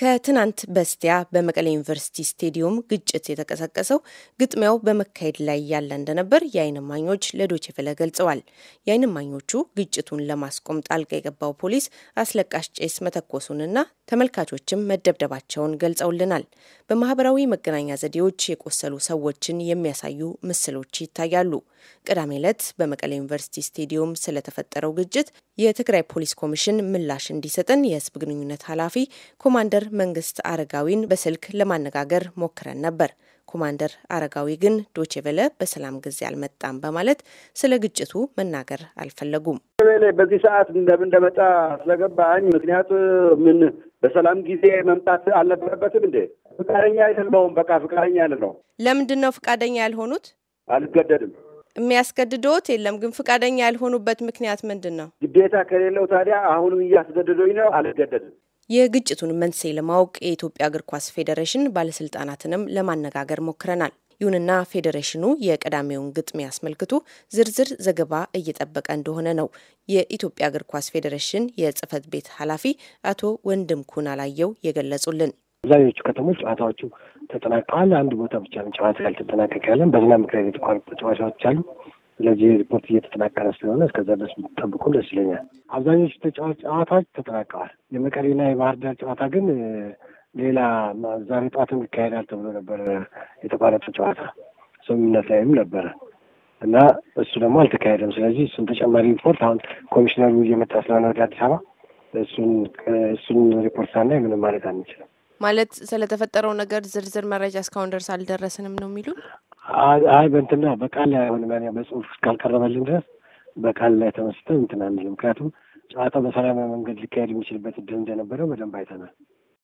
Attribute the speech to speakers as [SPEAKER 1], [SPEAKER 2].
[SPEAKER 1] ከትናንት በስቲያ በመቀሌ ዩኒቨርሲቲ ስቴዲየም ግጭት የተቀሰቀሰው ግጥሚያው በመካሄድ ላይ ያለ እንደነበር የአይን ማኞች ለዶቼ ቬለ ገልጸዋል። የአይን ማኞቹ ግጭቱን ለማስቆም ጣልቃ የገባው ፖሊስ አስለቃሽ ጭስ መተኮሱንና ተመልካቾችም መደብደባቸውን ገልጸውልናል። በማህበራዊ መገናኛ ዘዴዎች የቆሰሉ ሰዎችን የሚያሳዩ ምስሎች ይታያሉ። ቅዳሜ ዕለት በመቀሌ ዩኒቨርሲቲ ስቴዲየም ስለተፈጠረው ግጭት የትግራይ ፖሊስ ኮሚሽን ምላሽ እንዲሰጥን የህዝብ ግንኙነት ኃላፊ ኮማንደር መንግስት አረጋዊን በስልክ ለማነጋገር ሞክረን ነበር። ኮማንደር አረጋዊ ግን በለ በሰላም ጊዜ አልመጣም በማለት ስለ ግጭቱ መናገር አልፈለጉም።
[SPEAKER 2] በዚህ ሰዓት እንደምን እንደመጣ ስለገባኝ ምክንያቱ ምን በሰላም ጊዜ መምጣት አልነበረበትም እንዴ? ፍቃደኛ አይደለውም። በቃ ፍቃደኛ አይደለው።
[SPEAKER 1] ለምንድን ነው ፍቃደኛ ያልሆኑት? አልገደድም የሚያስገድደውት የለም። ግን ፍቃደኛ ያልሆኑበት ምክንያት ምንድን ነው?
[SPEAKER 2] ግዴታ ከሌለው ታዲያ አሁንም እያስገድዶኝ ነው። አልገደድም
[SPEAKER 1] የግጭቱን መንስኤ ለማወቅ የኢትዮጵያ እግር ኳስ ፌዴሬሽን ባለስልጣናትንም ለማነጋገር ሞክረናል። ይሁንና ፌዴሬሽኑ የቀዳሚውን ግጥሚያ አስመልክቶ ዝርዝር ዘገባ እየጠበቀ እንደሆነ ነው የኢትዮጵያ እግር ኳስ ፌዴሬሽን የጽህፈት ቤት ኃላፊ አቶ ወንድም ኩን አላየው የገለጹልን። አብዛኞቹ ከተሞች ጨዋታዎቹ ተጠናቀዋል። አንድ ቦታ ብቻ ጨዋታ ያልተጠናቀቀ
[SPEAKER 3] ያለን። በዝናብ ምክንያት የተቋረጡ ጨዋታዎች አሉ። ስለዚህ ሪፖርት እየተጠናቀረ ስለሆነ እስከዛ ድረስ ጠብቁ ደስ ይለኛል። አብዛኞቹ ጨዋታዎች ተጠናቀዋል። የመቀሌና የባህር ዳር ጨዋታ ግን ሌላ ዛሬ ጠዋትም ይካሄዳል ተብሎ ነበር የተቋረጠ ጨዋታ ስምምነት ላይም ነበረ እና እሱ ደግሞ አልተካሄደም። ስለዚህ እሱን ተጨማሪ ሪፖርት አሁን ኮሚሽነሩ እየመጣ ስለሆነ ወደ አዲስ አበባ እሱን እሱን ሪፖርት ሳናይ ምንም ማለት አንችልም።
[SPEAKER 1] ማለት ስለተፈጠረው ነገር ዝርዝር መረጃ እስካሁን ድረስ አልደረስንም ነው የሚሉ
[SPEAKER 3] አይ በእንትና በቃል ላይ አይሆንም። ያ በጽሁፍ እስካልቀረበልን ድረስ በቃል ላይ ተመስተን እንትን አንልም። ምክንያቱም ጨዋታው በሰላማዊ መንገድ ሊካሄድ የሚችልበት እድል እንደነበረው በደንብ አይተናል።